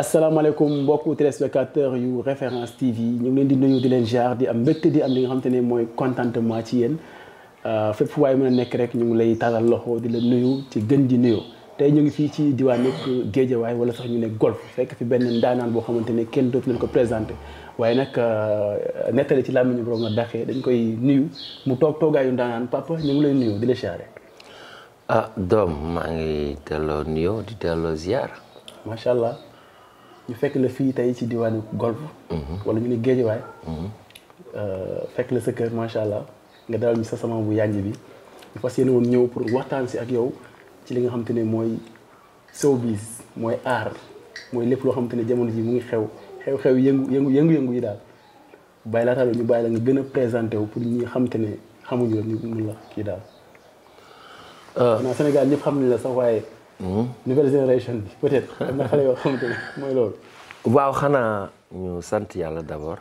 asalaamaaleykum mbokku téléspectateur yu référence TV ñu ngi leen di nuyu di leen jaar di am mbégte di am li nga xam ne mooy contentement ci yéen euh, fépp fu waay mën a nekk rek ñu ngi lay tàllal loxo di la nuyu ci gën di nuyu tey ñu ngi fii ci diwaan nekk géejawaay wala sax ñu ne golf fekk fi benn ndaanaan boo xamante ne kenn dootu leen ko présenté waaye nag euh, nettali ci làmmiñu borom na daxee dañ koy nuyu mu toog toogaayu ndaanaan papa ngi lay nuyu di la ah doom maa ngi delloo nuyoo di delloo ziar. macha allah. ñu fekk la fii tey ci diwaanu golf mhm. wala ñu ne géejuwaay mhm. euh, fekk la sa kër macha allah nga dalal ñu sa sama bu yànj bi ñu fas yéene woon ñëw pour waxtaan si ak yow ci li nga xam ne mooy showbiz mooy art mooy lépp loo xam ne jamono ji mu ngi xew xew-xew yëngu yëngu yëngu-yëngu yi daal bàyyi laa taal ñu bàyyi la nga gën a présenté wu pour ñi xam te ne xamuñu la ñu mun la kii daal. Euh. naa Sénégal ñëpp xam nañ la sax waaye. Hmm? nouvelle génération bi peut-être mooy loolu. waaw xanaa ñu sant yàlla d'abord.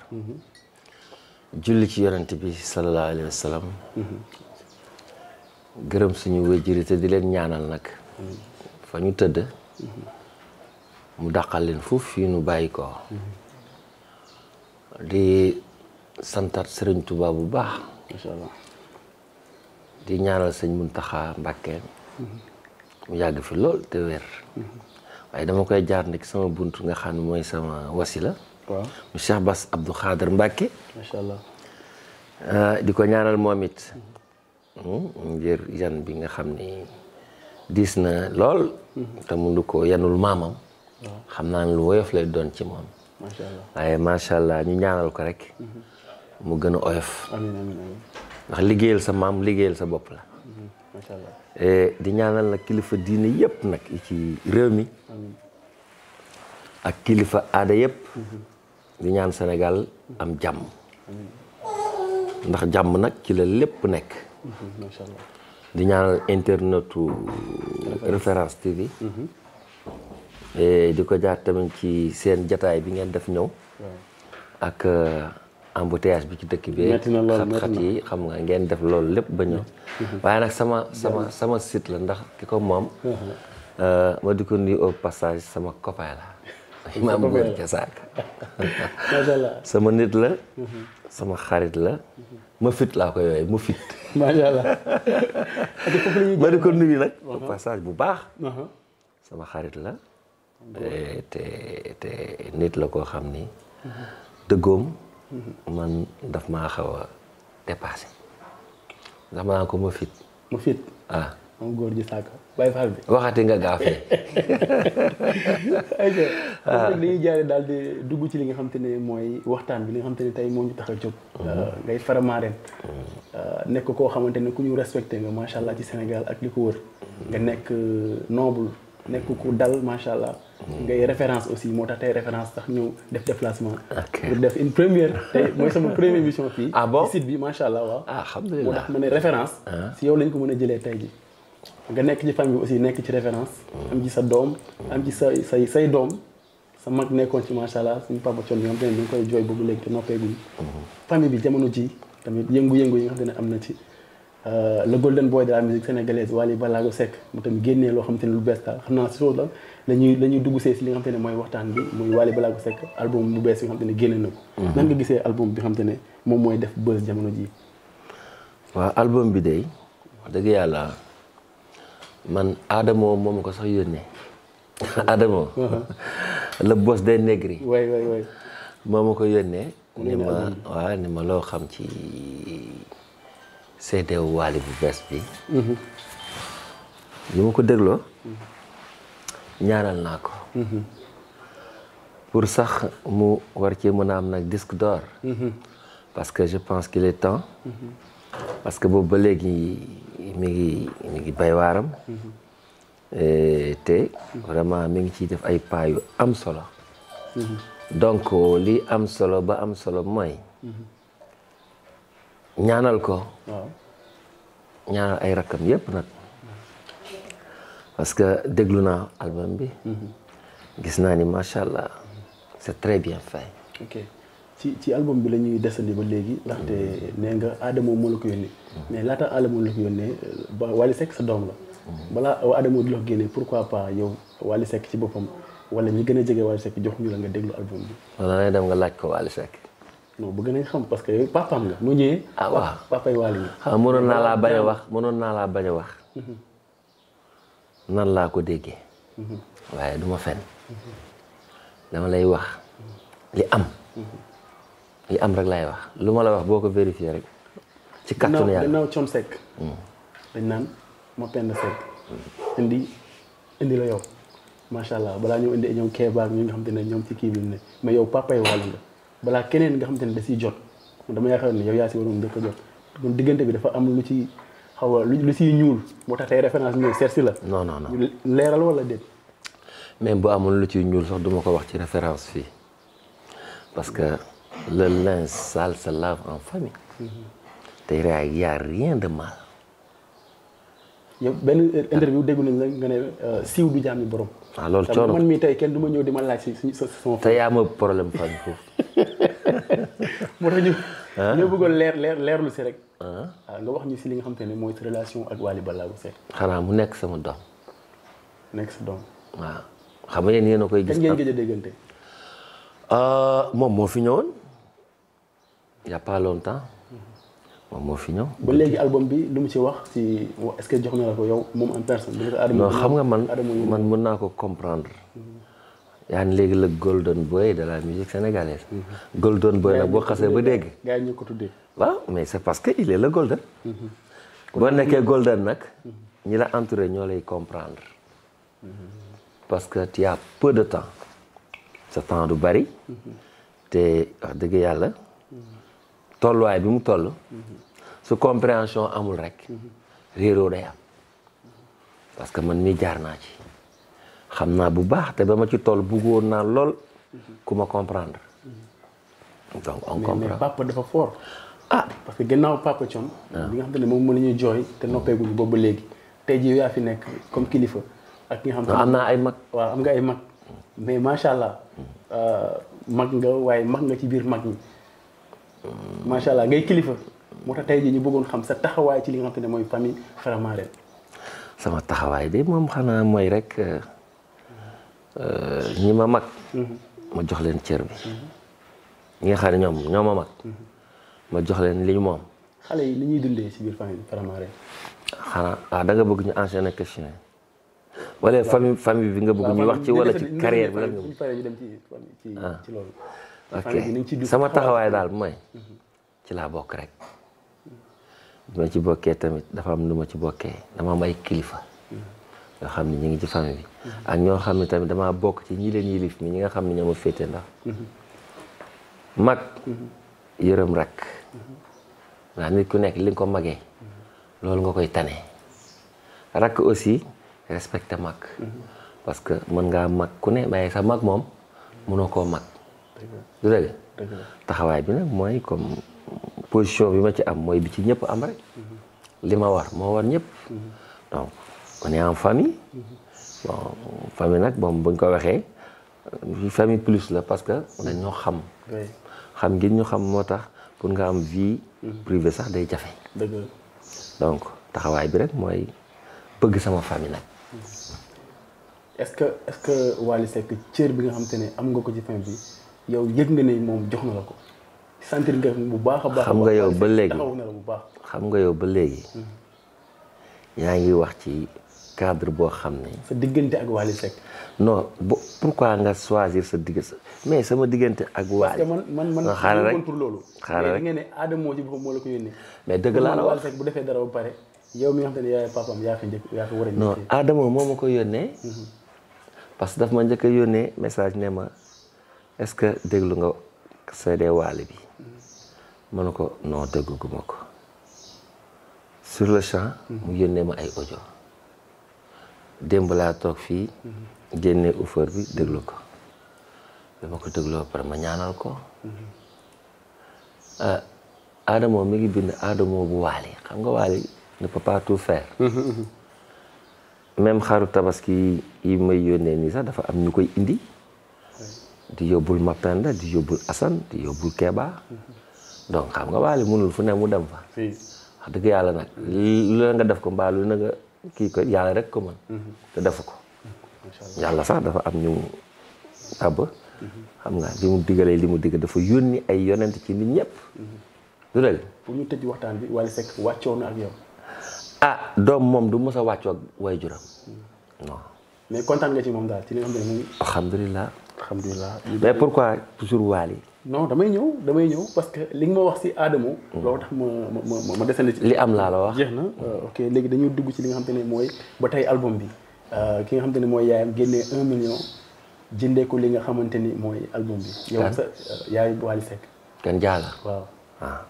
julli ci yonent bi sallallahu alayhi wa gërëm suñu wéjjiri te di leen ñaanal nag. fa ñu tëdd. mu dàqal leen foofu fii nu bàyyi ko. di santaat Serigne Touba bu baax. incha allah di ñaanal sëñ Muntaxa Mbàkke. mu yàgg fi lool te wér waaye dama koy jaar nag sama bunt nga xam ne mooy sama wasila waaw mu Cheikh Bass Abdou Khader Mbacke macha ah, di ko ñaanal moom it hmm, ngir yan bi nga xam ni diis na lool hmm. te mundu ko yanul maamam xam naa ne lu woyof lay doon ci moom macha waaye macha allah ñu ñaanal ko rek hmm. mu gën a oyof amiin ndax liggéeyal sa maam liggéeyal sa bopp la macha allah eh, di ñaanal nag kilifa diine yëpp nag ci réew mi. ak kilifa aada yëpp. Mm-hmm. di ñaan senegal am jàmm. Mm-hmm. ndax jàmm nag ci la lépp nekk. Mm-hmm. di ñaanal internetu référence TV. Eh, di ko jaar tamit ci seen jataay bi ngeen def ñëw. Euh, embouteillage bi ci dëkk bi xat-xat yi xam nga ngeen def loolu lépp ba ñëw mhm. waaye nag sama sama sama la ndax ki ko moom uh-huh. euh, ma di ko nuyu au passage sama copain la imaam nit la mhm. sama xarit la ma mhm. fit laa ko yooye ma fit ma di ko nuyu uh-huh. bu baax uh-huh. sama xarit la eh, nit la koo xam ni dëggoom man daf maa xaw a dépassé maa ko ma fit ma fit ah góor ji sàkk bàyyi faal bi waxati nga gaafee li ah. dañuy jaare daal di dugg ci li nga xam ne mooy waxtaan bi li nga xam te tey moo ñu tax a jóg mhm. ah, ngay faramaareen mhm. ah, nekk koo xamante ni ku ñu respecté nga macha allah ci Sénégal ak li ko wër mhm. nga nekk euh, noobul nekk ku dal macha allah. Mm. ngay référence aussi moo tax tey référence tax ñëw def déplacement. pour def une première tey mooy sama première émission fii. ah bon site bi macha allah waaw. Ah, alhamdulilah moo tax ma ne référence. Ah. si yow lañ ko mën a jëlee tey ji nga nekk ci famille aussi nekk ci référence. Mm. am ci sa doom. am ci say say doom. sa mag nekkoon ci macha allah suñ papa Thion bi nga xam ne dañ koy jooy boobu léegi noppee noppeeguñu. Mm-hmm. famille bi jamono ji tamit yëngu-yëngu yi nga ne am na ci. Euh, le golden boy de la musique sénégalaise Wally Ballago Seck mu tamit génnee loo xam te lu bees daal xam naa si la lañuy la dugg see si li nga xam ne mooy waxtaan bi muy Wally Ballago Seck album bu bees bi nga génne na ko mhm. nan nga gisee album bi xam te ne moom mooy def buzz jamono ji waaw album bi day dëgg yàlla man Adamo moom ma sax yónnee Adamo uh-huh. le boss des négri waay waay waay moo ma ko yónnee ni ma waaw ni ma loo xam ci CD Wally bu bees bi li mhm. ma ko dégloo mhm. ñaanal naa ko mhm. pour sax mu war ci mën a am nag disque d'or parce que je pense qu'il est temps parce que boobu ba léegi mi ngi mi ngi bay waaram te vraiment mi ngi ciy def ay pas yu am solo donc li am solo ba am solo mooy ñaanal ko ñaanal ay rakkam yépp nag parce que déglu naa album bi mm-hmm. gis naa ni macha allah c'est très bien fait ok ci ci album bi la ñuy desandi ba léegi ndaxte mm-hmm. nee nga Adamo moo la ko yónnee mm-hmm. mais laata Adamo la ko yónnee ba Wally Seck sa doom la balaa Adamo di la ko génnee pourquoi pas yow Wally ci boppam wala ñi gën a jege Wally Seck joxuñu la nga déglu album bi wala nay dem nga laaj ko Wally Seck non bëgg nañ xam parce que yow papaam nga mu ñëwee. Ah, ah, naa laa bañ wax mënoon naa laa bañ a laa ko déggee. waaye du ma fen dama lay wax li am. li am rek laay wax lu ma la wax boo ko vérifié rek. ci kàttanu yàlla ginnaaw Thione Seck. dañ naan ma penn Seck. indi indi la yow macha allah balaa ñëw indi ñoom Kéba ak ñi nga xam te ñoom ci kii bi mu ne mais yow papay balaa keneen nga xamante ne da siy jot dama yaakaar ne yow yaa si waroon njëkk jot donc diggante bi dafa am lu ci xaw a lu ci ñuul moo tax tey référence ñëw seet si la. non non non leeral wala déet. mais boo amul lu ci ñuul sax duma ko wax ci référence fii parce que le linge sale se lave en famille. Mm-hmm. te il y a rien de mal. yow benn interview déggu nañ la nga ne euh, siiw du jaami borom. waaw ah, loolu coono man mii tey kenn du ma ñëw di ma laaj si si sa son. te yaa ma problème fan foofu. moo tax ñu. ñu bëggoon leer leer leerlu si rek. waaw ah, nga wax ñu si li nga xam te ne mooy relation ak Wally Ballago Seck. xanaa mu nekk sama doom. nekk sa doom. waaw xam nga yéen yéen a koy. gis ngeen gëj a déggante. Euh, moom moo fi ñëwoon. y' a pas longtemps. moom moo fi ñëw. ba léegi album bi lu mu ci wax si est-ce jox na la ko yow moom en personne. non xam nga man man mën naa ko comprendre. yaa léegi la golden boy de la musique sénégalaise. Mhm. golden boy nag boo xasee ba dégg. gars ñu ko tuddee. waaw mais c'est parce que il est le golden. Mhm. boo nekkee golden nag. Mhm. ñi la entouré ñoo lay comprendre. parce que tu as peu de temps. sa temps du bari. te wax dëgg yàlla. tolluwaay bi mu toll su compréhension amul rek réeroo day am parce que man mii jaar naa ci xam naa bu baax te ba ma ci toll bëggoon naa lool ku ma comprendre donc on comprend mais papa dafa foor ah parce que gannaaw papa Thione bi ah. nga xam ne moom na ñuy jooy te ah. noppeeguñu boobu léegi tey jii yaa fi nekk comme kilifa ak ki nga xam ne ah, am naa ay mag waaw am nga ay mag mm. mais macha allah mm. euh, mag nga waaye mag nga ci biir mag ñi macha allah ngay kilifa moo tax tey jii ñu bëggoon xam sa taxawaay ci li nga xam mooy famille Faramareen. sama taxawaay de moom xanaa mooy rek ñi ma mag. ma jox leen cër bi. ñi nga xam ñoom ñoo ma mag. ma jox leen li ñu moom. xale yi li ñuy dundee si biir famille Faramareen. xanaa ah da bëgg ñu enchaîner question yi. wala famille famille bi nga bëgg ñu wax ci wala ci carrière bi lan nga. waaw waaw waaw ok sama taxawaay daal mooy ci laa bokk rek bi ci bokkee tamit dafa am lu ma ci bokkee dama may kilifa ñoo xam ne ñu ngi ci famille bi ak ñoo xam ne damaa bokk ci ñi leen yilif mi ñi nga xam ne ñoo ma féete ndax mag yërëm rek ndax nit ku nekk li nga ko magee loolu nga koy tane rakk aussi respecté mag mhm. parce que mën ngaa mag ku ne waaye sa mag moom mënoo koo mag du dëgg taxawaay bi nag mooy comme position bi ma ci am mooy bi ci ñëpp am rek li ma war moo war ñëpp donc on est en famille bon famille nag moom buñ ko waxee famille plus la parce que dañ ñoo xam xam ngir ñu xam moo tax pour nga am vie mm-hmm. privée sax day jafe donc taxawaay bi rek mooy bëgg sama famille nag mm-hmm. est-ce que est que Wally Seck cër bi nga xam te ne am nga ko ci famille bi yow yëg nga ne moom jox na la ko sentir nga bu baax a baax. xam nga yow ba léegi xam nga yow ba léegi. Hmm. yaa ngi wax ci cadre boo xam ne. sa diggante ak Wally Seck. non bu pourquoi nga choisir sa diggante mais sama diggante ak. Wally man man man xaaral rek xaaral rek nga ne Adama moo ci moo la ko mais dëgg laa la wax bu defee dara ba pare yow mi nga xam ne yaay papaam yaa fi njëkk yaa moo ma ko yónnee. Hmm. parce que daf ma njëkk a yónnee message ne ma. est-ce que déglu nga CD Wally bi ma ne ko non dégguma ko sur le champ mu yónnee ma ay audio démb laa toog fii génne offeur bi déglu ko bi ma ko dégloo pare ma ñaanal ko ah, Adamo mi ngi bind Adamo bu Wally xam nga Wally ne peut tout faire même xaru tabaski yi may yónnee nii sax dafa am ñu koy indi di yóbbul Mapenda di yóbbul Assane di yóbbul Keba donc xam nga waale mënul fu ne mu dem fa wax dëgg yàlla nag lu la nga def ko mbaa lu na nga kii ko yàlla rek ko mën mm-hmm. te defu ko yàlla sax dafa am ñu tàbb xam nga li mu li mu digg dafa yónni ay yonent ci nit ñëpp mm-hmm. lu dëgg pour ñu tëj waxtaan bi Wally Seck wàccoo na ak yow ah doom moom du mësa wàccoo ak waajuram mm. mais kontaan nga ci moom daal ci li nga xam ne alhamdulilah alhamdulilah mais pourquoi toujours Wally non damay ñëw damay ñëw parce que li nga ma wax si aadamu loolu tax ma ma ma desandi li am laa la wax jeex na euh, ok léegi dañuy dugg ci li nga xam te ne mooy ba tey album bi euh, ki nga xam te ne mooy yaayam génnee un jëndee ko li nga xamante ni mooy album bi yow sa euh, yaay Wally Seck kan jaala waaw waaw ah,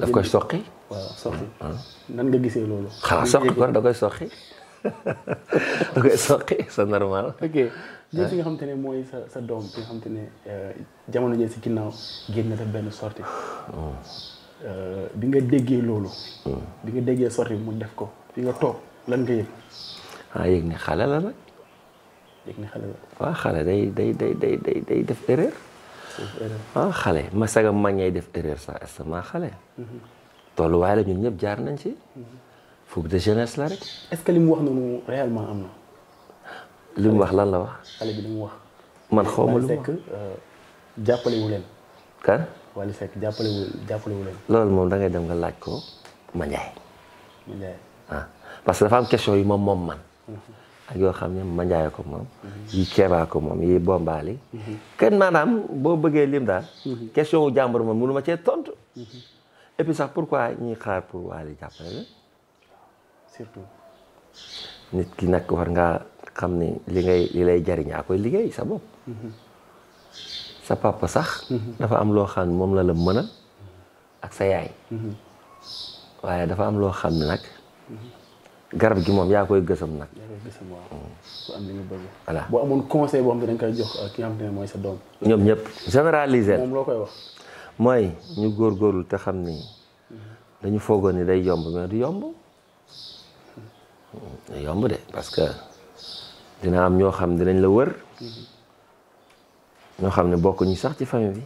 daf koy soqi waaw soqi ah, ah. nan nga gisee loolu soqi kon da koy soqi da koy yow si nga eh? xamante ne mooy sa doom bi nga xamante ne eh, jamono jee si ginnaaw génn na def benn sorti oh. eh, bi nga déggee loolu. Oh. bi nga déggee sorti mu def ko fi nga toog lan nga yëg. ah yëg xale la nag. yëg ne xale la xale day day day day day day def erreur. ah xale ma saga mag ñay def erreur sax est xale. Mhm. tolluwaay la ñun ñëpp jaar nañ ci. Mhm. fukk de jeunesse la rek. est-ce que li mu wax noonu réellement am na. li wax lan la wax. xale bi li mu wax. man xaw ma lu ma euh, leen. kan. Wally Seck jàppale wu jàppale wu leen. loolu moom da ngay dem nga laaj ko ma ah, parce que dafa question yu moom moom man. Mhm. ak yoo xam ne ma Ndiaye ko moom. Mhm. yi Keba ko moom yi Bombali. Mhm. kenn maanaam boo bëggee lim daal. question wu jàmbur moom mënu ma cee tontu. et puis sax pourquoi ñuy xaar pour Wally jàppale la. nit ki nag war ngaa xam ni li ngay li lay jariñaa koy liggéey sa bopp mm-hmm. sa papa sax mm-hmm. dafa am loo xam ne moom la la mënal ak sa yaay mm-hmm. waaye dafa am loo xam ne nag garab gi moom yaa koy gësam nag yaa koy gësam waaw mm. boo amoon conseil boo xam ne dañ koy jox uh, ki xam ne mooy sa doom ñoom ñëpp généraliser loo koy wax mooy ñu góorgóorlu te xam ni dañu foogoon ni day yomb mais du yomb yomb de parce que dina am ñoo xam dinañ la wër ñoo xam ne bokkuñu sax ci famille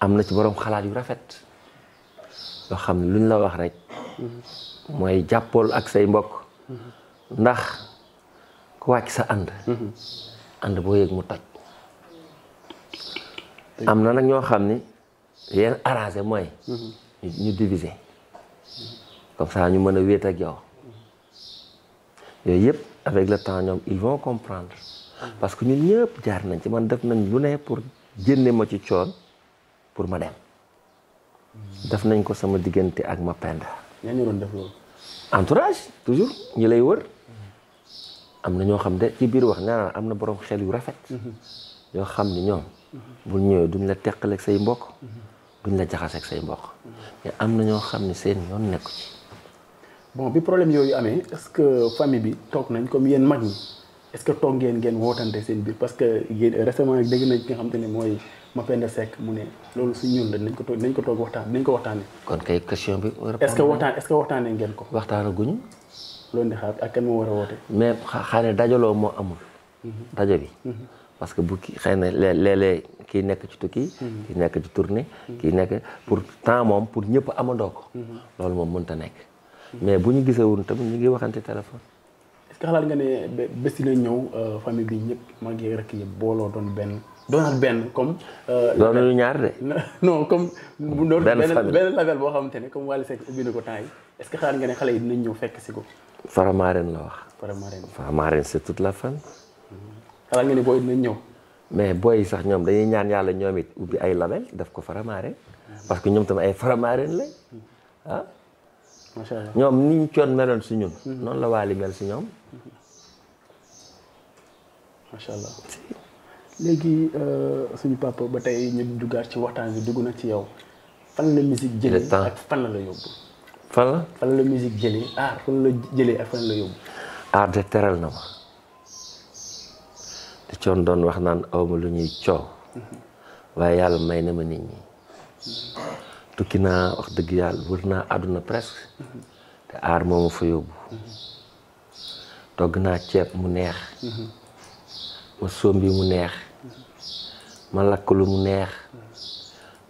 am na ci boroom xalaat yu rafet yoo xam ne luñ la wax rek mooy jàppool ak say mbokk ndax ku wàcc sa ànd ànd boo yëg mu toj am na nag ñoo xam ni yéen arrangé mooy mhm. ñu diviser comme ça ñu mën a wéet ak yow yooyu yëpp avec le temps ñoom ils vont comprendre parce que ñu ñëpp jaar nañ ci man def nañ lu ne pour génne ma ci coon pour ma dem def nañ ko sama diggante ak ma penda ñaan def loolu entourage toujours ñi lay wër am na ñoo xam de ci biir wax nee am na borom xel yu rafet yoo xam ni ñoom bul ñëwee duñ la teqaleeg say mbokk duñ la jaxaseeg say mbokk mais am na ñoo xam ne seen yoon nekku ci bon bi problème yooyu amee est-ce que famille bi toog nañ comme yéen mag ñi est-ce que toog ngeen ngeen wootante seen biir parce que yéen récemment dégg nañ ki nga xam te ne mooy Mapenda Seck mu ne loolu su ñun la ko toog nañ ko toog waxtaan nañ ko waxtaanee. kon kay question bi. est-ce que waxtaan est-ce que waxtaanee ngeen ko. waxtaanaguñu. loolu di xaar ak kan moo war a woote. mais xëy na dajaloo moo amul. Mhm. dajo bi. Mhm. parce que bu kii xëy na léeg-léeg kii nekk ci tukki. Mhm. kii nekk ci tournée. kii nekk pour temps moom pour ñëpp amandoo ko. loolu moom mënta nekk. mais bu ñu gisee gisewun tamit ñu ngi waxante téléphone. est-ce que xalaat nga ne bés dina ñëw euh, famille bi ñëpp mag yeeg rek yëpp booloo doon benn doonaat benn comme. Euh, doonuñu ñaar de. non comme. benn benn benn label boo xamante ne comme Wally Seck ubbi na ko temps yi est-ce que xalaat nga ne xale yi dinañ ñëw fekk si ko. Faramaren la wax. Faramaren Faramaren c'est toute la famille. Mm-hmm. xalaat nga ne booy dinañ ñëw. mais booy sax ñoom dañuy ñaan yàlla ñoom it ubbi ay label daf ko Faramaren. Mm-hmm. parce que ñoom tam ay Faramaren lañ mm-hmm. ah. macha allah ñoom ni ñu coon meloon si ñun. Mhm. noonu la Wally mel si ñoom. macha allah léegi euh, suñu papa ba tey ñu duggaat ci waxtaan bi dugg na ci yow. fan la musique jëlee ak fan la la yóbbu. fan la fan la musique jëlee ah fan la jëlee ak fan la yóbbu. ah de teral na ma. te coon doon wax naan awma lu ñuy coow. Mhm. waaye yàlla may na ma nit ñi. Mhm. tukki naa wax dëgg yàlla wër naa àdduna presque te aar moo ma fa yóbbu togg naa ceeb mu neex ma sombi mu neex ma lakk mu neex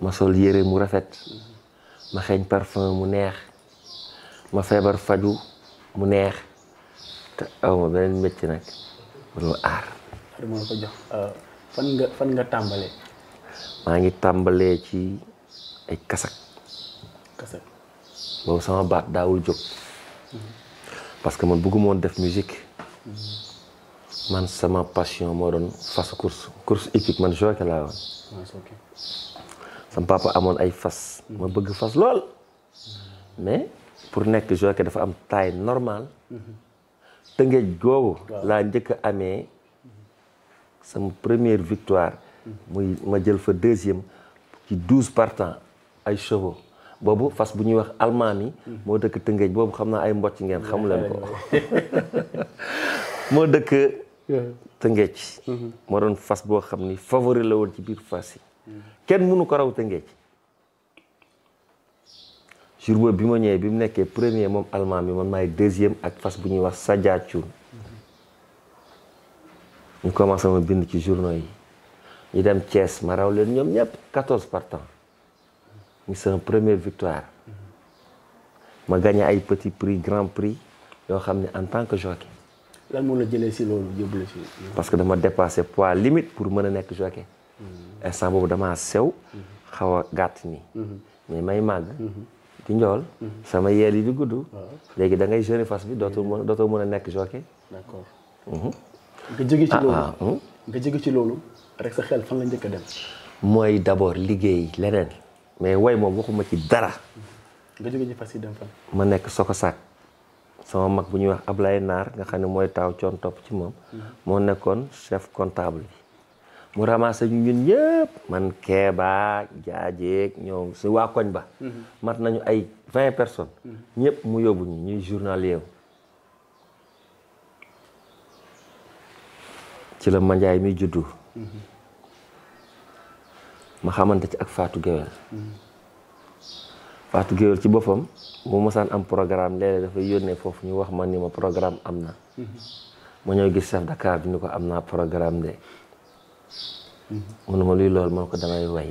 ma sol yére mu rafet ma xeeñ parfum mu neex ma feebar faju mu neex te aw ma beneen métti nag bu dul aar. fan nga fan nga tàmbalee. maa ngi tàmbalee ci. ay kasak kasak boobu sama baat daawul jóg parce que man bëgguma woon def musique man sama passion moo doon fas course course hippique man jockey laa woon ah, sama papa amoon ay fas ma bëgg fas lool mais pour nekk jockey dafa am taille normal tëngéej googu laa njëkk a amee sama première victoire mm. muy ma jël fa deuxième ci douze partants ay chevaux boobu fas bu ñuy wax almaam yi moo dëkk Tëngéej boobu xam naa ay mbocc ngeen xamu leen ko moo dëkk Tëngéej mm-hmm. moo doon fas boo xam ni favori la woon ci biir fas yi kenn mënu ko raw Tëngéej jour bi ma ñëwee bi mu nekkee premier moom almaam yi man maay deuxième ak fas bu ñuy wax Sadia Thioune ñu commencé ma bind ci journaux yi ñu dem cees ma raw leen ñoom ñëpp muy sama première victoire ma gagné ay petit prix grand prix yoo xam ne en tant que jockey. lan moom la jëlee si loolu yóbbu la si. parce que dama dépassé poids limite pour mën a nekk jockey. Mm-hmm. instant boobu damaa sew. Mm-hmm. xaw a gàtt nii. Mm-hmm. mais may màgg. di njool. sama yeel yi di gudd. léegi da ngay jeune fas bi dootoo mën dootoo mën a nekk jockey. d'accord. nga jóge ci ah, loolu. Ah, nga jóge ci loolu rek sa xel fan la jëkk a dem. mooy d'abord liggéey leneen. mais woy moom waxuma ci dara. nga jóge ci ma nekk soko saak sama mag bu ñuy wax Ablaye Naar nga xam ne mooy taaw coon topp ci moom. Mm-hmm. moo nekkoon chef comptable bi. mu ramassé ñu ñun ñëpp man Kéba jaajeeg ñoom si waa koñ ba. Mm-hmm. mat nañu ay vingt personnes. Mm-hmm. ñëpp mu yóbbu ñu ñuy journalier ci la Mandiaye mi juddu. ma xamante ci ak Fatou Guewel Fatou Guewel ci boppam mu mosaan am programme léeg dafay yónnee foofu ñu wax ma ni ma programme am na ma ñëw gis chef Dakar bi ni ko am naa programme de mhm. munuma luy loolu man ko damay way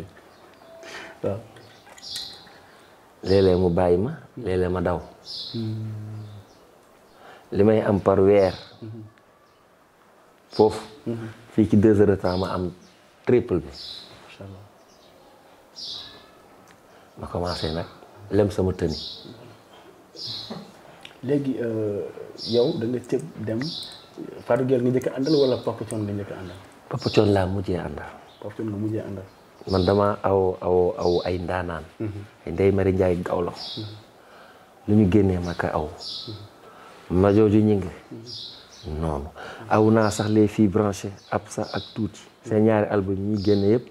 waaw mu bàyyi ma léeg ma daw mhm. li may am par weer mhm. foofu fii ci deux heures temps ma am triple bi ma commencé nag lem sama tëni. léegi euh, yow da nga cëb dem Fatou Gueye nga njëkk a àndal wala Papa Thione nga njëkk a Papa Thione laa mujjee àndal. Papa Thione nga man dama aw aw aw ay ndaanaan. Mhm. Ndeye Marie Ndiaye Gawlo. Mhm. lu ñu génnee ma ka aw. Mhm. ma jooju ñu ngi. noonu aw naa sax les filles branchées ab sax ak tuuti. seen ñaari album ñu génne yëpp.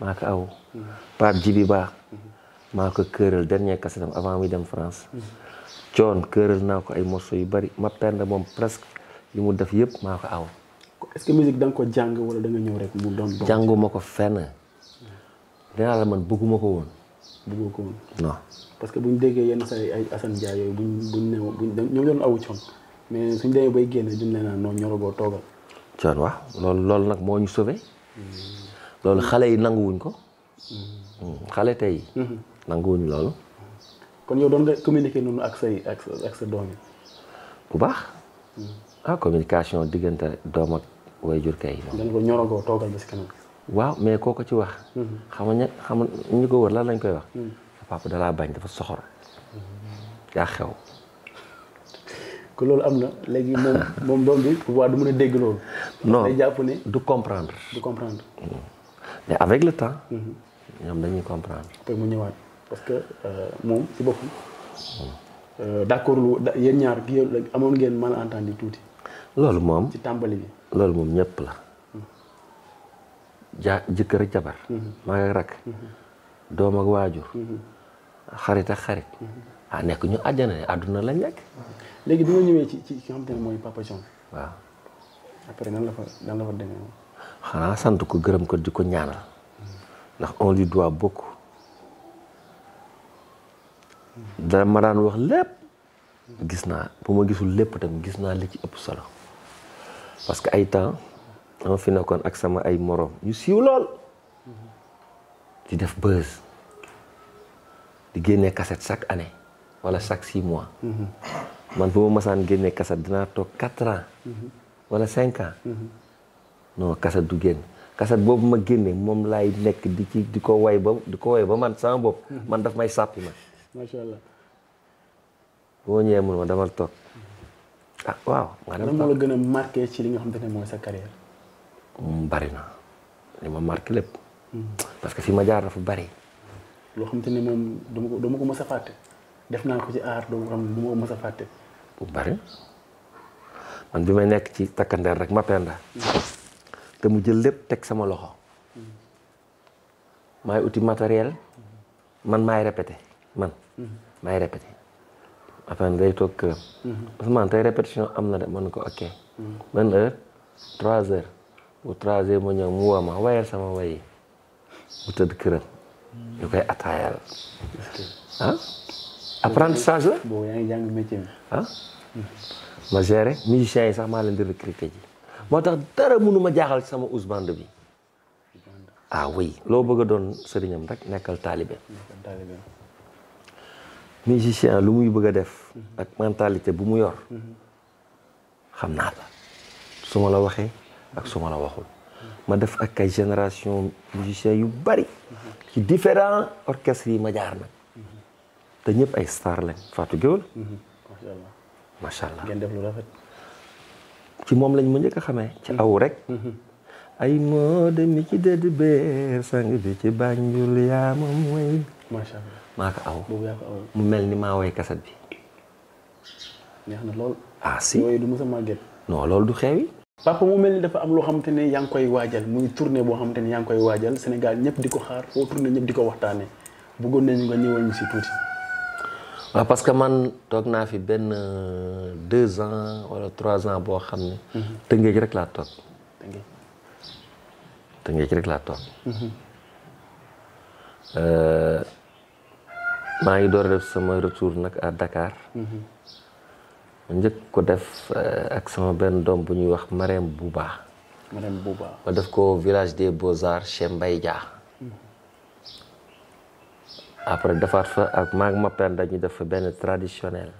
maa ko aw. Pape Djibi maa ko këral dernier kasetam avant dem France coon këral naa ko ay morceaux yu bari ma pendre moom presque yu mu def yëpp maa ko aw est ko jàng wala da nga ñëw rek mu doon jànguma ko fenn dinaa la man bëgguma ko woon bëggoo ko woon parce que buñ déggee yenn say ay Assane Ndiaye yooyu buñ buñ ne buñ ñoom doon awu coon mais suñ demee bay génn duñ ne naa noonu ñoragoo toogal coon waaw loolu loolu nag moo ñu sauvé hmm. loolu xale yi nanguwuñ ko hmm. Hmm, xale tey nanguwuñu loolu. kon yow doon nga noonu ak sa ak sa doom yi. bu baax. ah communication diggante doom ak waajur kay. dañ ko ñoroo ko toogal ba si kanam. waaw mais koo ko ci wax. Mhm. xam nga xam ñu ko wër lan lañ koy wax. Mhm. papa dalaa bañ dafa soxor. yaa xew. ko loolu am na léegi moom moom doom bi bu du mën a dégg loolu. non day jàpp ne du comprendre. du comprendre. mais avec le temps. Mhm. ñoom dañuy comprendre. te mu ñëwaat. parce que euh, moom si boppam euh, d' accord lu yéen ñaar amoon ngeen mal entendu tuuti. loolu moom ci tàmbali bi. loolu moom ñëpp la. Hmm. ja jëkkër ak jabar. Hmm. mag ak rakk. Hmm. waajur. xarit ak xarit. ah nekk ñu àjjana ne àdduna lañ nekk. léegi bi nga ñëwee ci ci ki nga mooy Papa Thione. waaw. après nan la fa nan la xanaa sant ko gërëm ko di ko ñaanal. ndax on lui doit dara ma daan wax lépp gis naa bu ma gisul lépp tam gis naa li ci ëpp solo parce que ay temps dama fi nekkoon ak sama ay moroom ñu siiw lool di def buzz di génnee kaset chaque année wala chaque six mois man bu ma masaan génnee cassette dinaa toog quatre ans wala cinq ans non cassette du génn cassette boobu ma génne moom laay nekk di ci di ko woy ba di ko way ba man sama bopp man daf may sàppi ma macha ñëwee mun ma damal toog ah, waaw. ma demal moo gën a marqué ci li nga xamante ne mooy sa mm, na li ma lépp. Mm. parce que fi ma jaar dafa bari. loo xamante ne moom dama ko dama a fàtte def naa ko ci aar a fàtte. bu bari man bi may nekk ci takkandeer rek ma penda mm. te mu jël lépp teg sama loxo. maay uti matériel man may répété man. may répété afin day toog kër. Ousmane mhm. tey répétition am na de mën ko ok. Mhm. benn heure trois heures ou trois heures mu ñëw mu woo ma wayal sama wayi bu tëdd këram. Mhm. ñu koy attaayal. ah apprentissage la. boobu yaa ngi jàng métier mi ah. ma géré musiciens yi sax maa leen ji moo tax dara mënu ma jaaxal ci sama Ousbande bi ah oui loo bëgg a doon sëriñam rek nekkal taalibe. nekkal taalibe. musicien lu muy bëgg a def ak mentalité bu mu yor xam naa la su ma la waxee ak su ma la waxul ma def ak ay génération musicien yu bari ci différents orchestres yi ma jaar nag te ñëpp ay star lañ Fatou Guewel macha allah ngeen ci moom lañ ma njëkk a xamee ci aw rek ay moo de mi ci déd beer sang bi ci Banjul yaa ma moy maa ko aw mu mel ni maa woy kaset bi. neex na lool. ah si yooyu du mos màgget. non lool du xewi. papa mu mel ni dafa am loo xamante ne yaa ngi koy waajal muy tournée boo xamante ne yaa ngi koy waajal Sénégal ñëpp di ko xaar foo tournée ñëpp di ko waxtaane bëggoon nañu nga ñëwal ñu si tuuti. waaw parce que man toog naa fi benn euh, deux ans wala trois ans boo xam ne. tëngeej laa mhm. toog. tëngeej rek laa toog. Mhm. Euh, maa ngi door a def sama retour nag à Dakar. njëkk ko def eh, ak sama benn doom bu ñuy wax Marème Bouba. Marème Bouba ma def ko village des Beaux-Arts chez Dia. après defaat fa ak maag Mapenda ñu def fa benn traditionnel.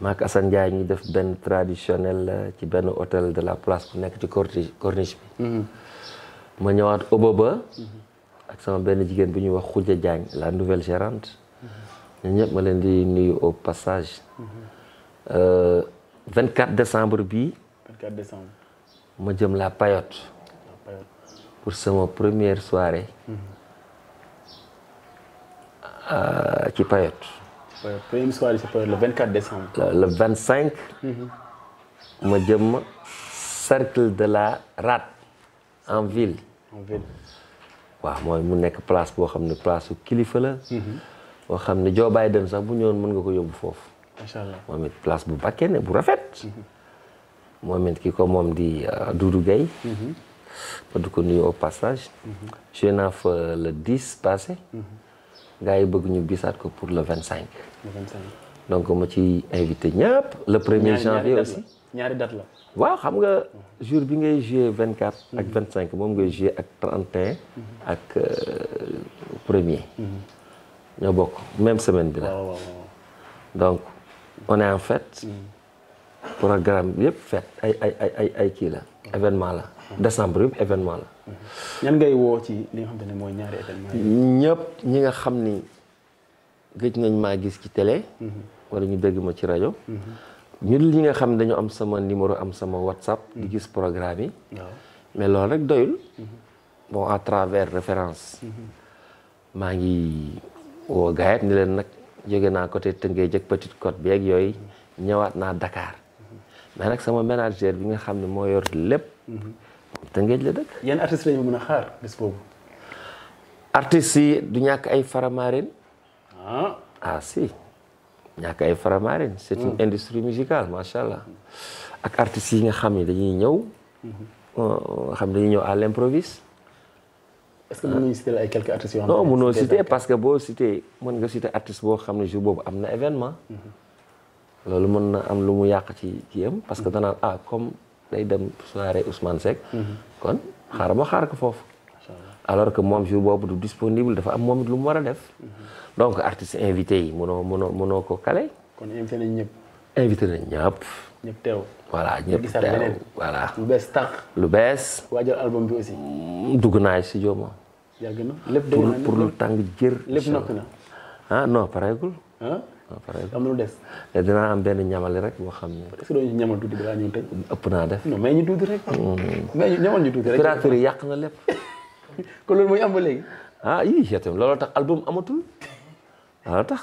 maak Assane Ndiaye ñu def benn traditionnel eh, ci benn hôtel de la place bu nekk ci corniche bi. Mhm. ma ñëwaat Oboba. Mhm. ak sama benn jigéen bu ñuy wax Khoudia Diagne la nouvelle gérante ñun ñëpp ma leen di nuyu au passage. 24 euh, décembre bii. 24 décembre. ma jëm la payotte. pour sama première soirée. Euh, ci payotte. première vingt ci payotte le 24 cinq ma jëm cercle de la rat en ville. en ville. waaw mooy mu nekk place boo xam ne place su kilifa la. Mhm. boo xam ne Joe Biden sax bu ñëwoon mën nga ko yóbbu foofu. macha moom it place bu bakkee ne bu rafet. Mhm. moom it ki ko moom di euh, Doudou Gueye. Mhm. ma du ko nuyu au passage. joué naa fa le 10 passé. gars yi bëgg ñu bisaat ko pour le 25. le donc ma ci invité ñëpp. le premier janvier aussi ñaari date la. waaw xam nga jour bi ngay joué vingt quatre ak mhm. vingt cinq moom ngay joué ak trente un mhm. ak euh, premier mhm. ñoo bokk même semaine bi la donc on est en fête programme bi yëpp fête ay ay ay ay ay kii la événement la décembre yëpp événement la ñan ngay woo ci li nga xam ne mooy ñaari événement ñëpp ñi nga xam ni gëj nañ maa gis ci télé wala ñu dégg ma ci rajo ñu dul nga xam dañu am sama numéro am sama whatsapp di mm-hmm. gis programme yi mais loolu rek doyul mm-hmm. bon à travers référence mm-hmm. maa ngi woo gaayat ni leen nag jóge naa côté Tëngéej ak Petite Côte bi ak yooyu ñëwaat naa dakaar mais nag sama manager bi nga xam ne moo yor lépp Tëngéej la dëkk yan artistes lañu mën a xaar bis boobu artistes yi du ñàkk ay Faramareen ah, ah ñàkk ay Faramareen c'est une mm. industrie musicale macha allah ak artistes yi nga xam ni dañuy ñëw mm-hmm. euh, nga xam dañuy ñëw à l'improviste est-ce que mën nañu ay quelques artistes parce que boo citer mën nga citer artiste boo xam ne jour boobu am na événement mm-hmm. loolu mën na am lu mu yàq ci kii am parce que mm-hmm. danaan ah comme day dem soirée Ousmane Seck kon xaaral xaar ko foofu alors que moom jour boobu du disponible dafa am moom lu mu war a def donc artiste invité yi mënoo mënoo mënoo ko kale kon nañ ñëpp invité nañ ñëpp ñëpp voilà ñëpp teew voilà lu bees tax lu bees waajal album bi aussi mm, dugg naa si jooma yàgg na lépp dégg pour lu tàng jër lépp noppi na ah non pareegul waaw ah? pare am lu des. te eh, dinaa am benn rek boo xam ne. est-ce que doo ñu ëpp naa def. non mais ñu tuuti rek. Mm. mais yàq na lépp. kon loolu mooy am ba léegi. ah yii yéen itam looloo tax album amatul ah, looloo tax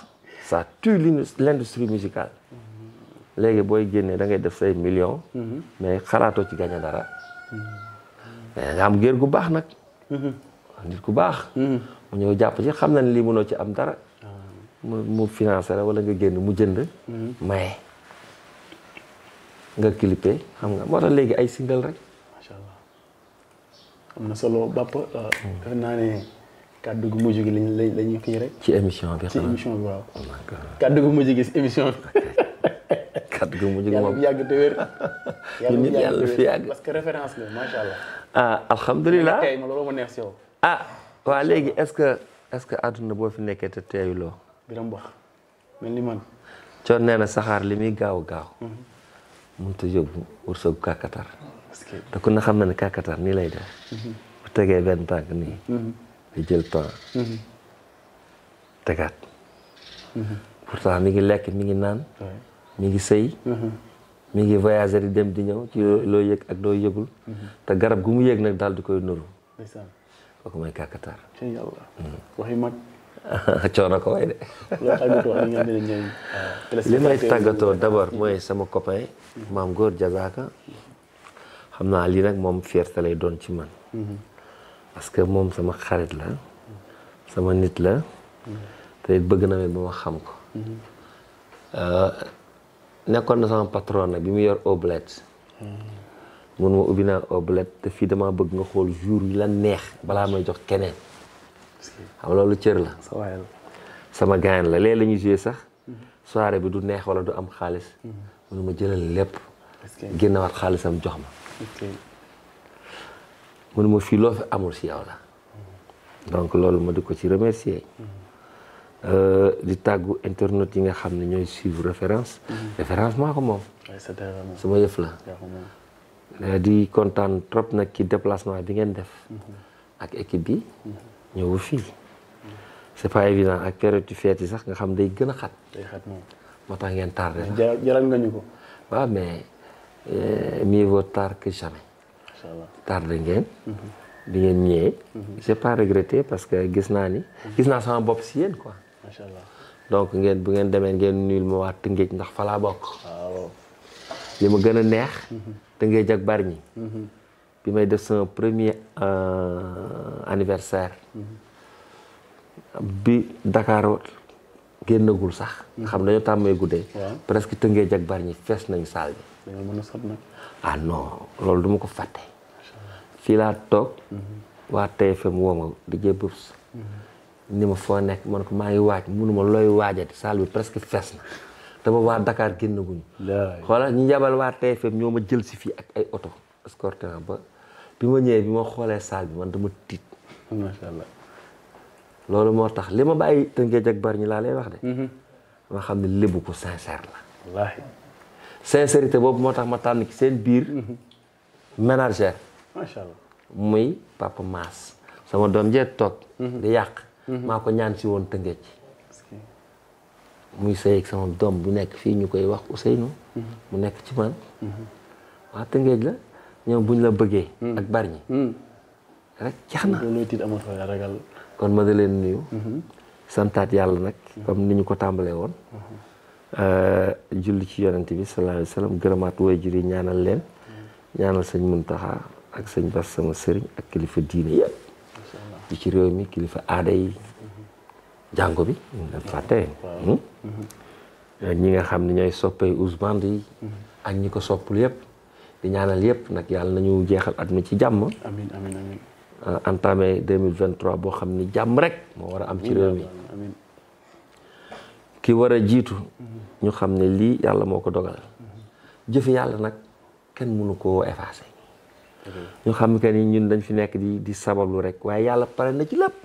ça tue l'industrie musicale mm-hmm. léegi booy génnee da ngay def say millions. Mm-hmm. mais xalaatoo ci gagné dara. Mm-hmm. mais nga am géer gu baax nag. nit ku baax. mu ñëw jàpp xam na ne mënoo ci am dara. Ah. mu mu financé la wala nga génn mu jënd. maye nga clippé xam nga moo tax léegi ay single rek. am na solo Bàpp euh, defe naa ne kàddu gu mujj gi lañ lañuy kii rek. ci émission bi ci émission bi waaw. Oh kàddu gu mujj gi si émission bi. kàddu gu mujj gi te wér. yàlla fi que référence la macha allah. ah neex si yow. ah waa léegi est-ce que est-ce que àdduna boo fi nekkee te teeyuloo. biram ni man. coon nee saxaar li muy gaaw gaaw. mënut mhm. a yóbbu wërsëgu kàkkatar. te ku na xam na ne kàkkatar nii lay def bu mm-hmm. tegee benn tànk nii mm-hmm. jël temps mm-hmm. tegaat pourtant mi ngi lekk mi ngi naan mi ngi sëy mu ngi voyager di dem di ñëw ci loo yëg ak doo yëgul te garab gu mu yëg nag daal di koy nuru kooku mooy kàkkatar waxi mag coono ko de li may tàggatoo d'abord mooy sama copain maam góor jazaaka xam naa lii nag moom fierté lay doon ci man mhm. parce que moom sama xarit la sama nit la te bëgg na ma ba ma xam ko mhm. euh, nekkoon na sama patron nag bi mu yor oblette mhm. mun ma ubbi naa oblet te fii dama bëgg nga xool jour yi la neex balaa may jox keneen xam loolu cër la sama gaañ la lee lañuy ñuy sax soirée bi du neex wala du am xaalis mun ma jëlal lépp génnawaat xaalisam jox ma mënu ma fii loo fi amul si yow la donc loolu moo di ko ci remercier mm-hmm. euh, di tàggu internet yi nga xam ne ñooy suivre référence mm-hmm. référence maa ko moom suma yëf la euh, di kontaan trop nag ci déplacement bi ngeen def mm-hmm. ak équipe bi ñëw fii c'est pas évident ak période yu feet sax nga xam day gën a xat moo tax ngeen tardé jaral nga ñu ko mieux vaut tard que jamais. macha allah ngeen. Mhm. bi ngeen ñëwee. Mhm. j'ai pas regretté parce que gis naa ni. Mhm. gis naa sama bopp si yéen quoi. allah donc ngeen bu ngeen demee ngeen nuyul ma waa Tëngéej ndax fa laa bokk. li ma gën a neex. Tëngéej ak Bargny. bi may def sama premier euh, anniversaire. bi Dakar. génnagul sax. nga xam dañoo tàmmee guddee. presque tëngee jag bari ñi fees nañu saal bi. dañoo mën a sot ah loolu duma ko fàtte. fii laa toog. Mhm. waa TFM woo ma di jébbab mhm. ni ma foo nekk man ko maa ngi waaj munuma looy waajati saal bi presque fees na te ba waa dakaar génnaguñu. xoolal ñu jabal waa TFM ñoo ma jël si fii ak ay oto escorté ba bi ma ñëwee bi ma xoolee saal bi man dama tiit. loolu moo tax li ma bàyyi tëngeej ak bari ñu laa lay wax de. Mhm. ma xam ne lébu ko sincère la. wallaahi sincérité boobu moo tax ma tànn ki seen biir. Mhm. ménagère. macha allah muy papa Maas. sama doom jee toog. Mhm. di yàq. maa ko ñaan si woon tëngeej. muy sëy ak sama doom bu nekk fii ñu koy wax Ousseynou. mu nekk ci man. waa tëngeej la ñoom buñ la bëggee. ak bari ñi. rek jeex na. kon ma di leen mhm. santaat yàlla nag. comme ni ñu ko tàmbalee woon. Mhm. Euh, julli ci yonent bi sallallahu alayhi wa sallam gërëmaat ñaanal leen. Mhm. ñaanal sëñ Muntaxa ak sëñ Bass sama sëriñ ak kilifa diine yi. ci réew mi kilifa aada yi. jàngo bi. dañ hmm? nga xam ne ñooy soppee Ousmane yi. ak ñi ko soppul yëpp. di ñaanal yëpp nag yàlla nañu jeexal at ci jàmm. Euh, entamé 2023 boo xam ne jàmm rek moo war a am ci réew mi ki war a jiitu ñu xam ne lii yàlla moo ko dogal jëfe yàlla nag kenn mënu koo effacé ñu xam que ni ñun dañ fi nekk di di sabablu rek waaye yàlla pare na ci lépp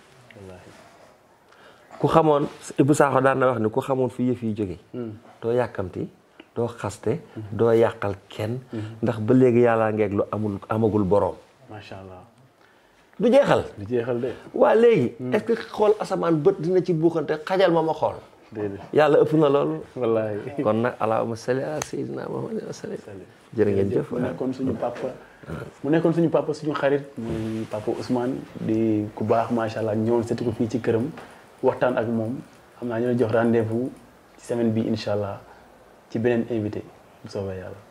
ku xamoon Ibou Sakho daan na wax ne ku xamoon fi yëf yi jóge hmm. doo yàkkamti doo xaste hmm. doo yàqal kenn hmm. ndax ba léegi yàllaa ngeeg lu amul amagul boroom macha allah du jeexal du jeexal de. waa léegi. Hmm. est-ce xool asamaan bët dina ci buuxante xajal ma ma xool. yàlla ëpp na lool wallaahi kon nag allahumma salli ala sayyidina Muhammad wa sallim. jërë ngeen mu nekkoon suñu papa. Ah. mu nekkoon suñu papa suñu xarit muy papa Ousmane di ku baax macha allah ñëwoon seeti ko fii ci këram waxtaan ak moom xam naa ñoo jox rendez-vous semaine bi incha allah ci beneen invité bu yàlla.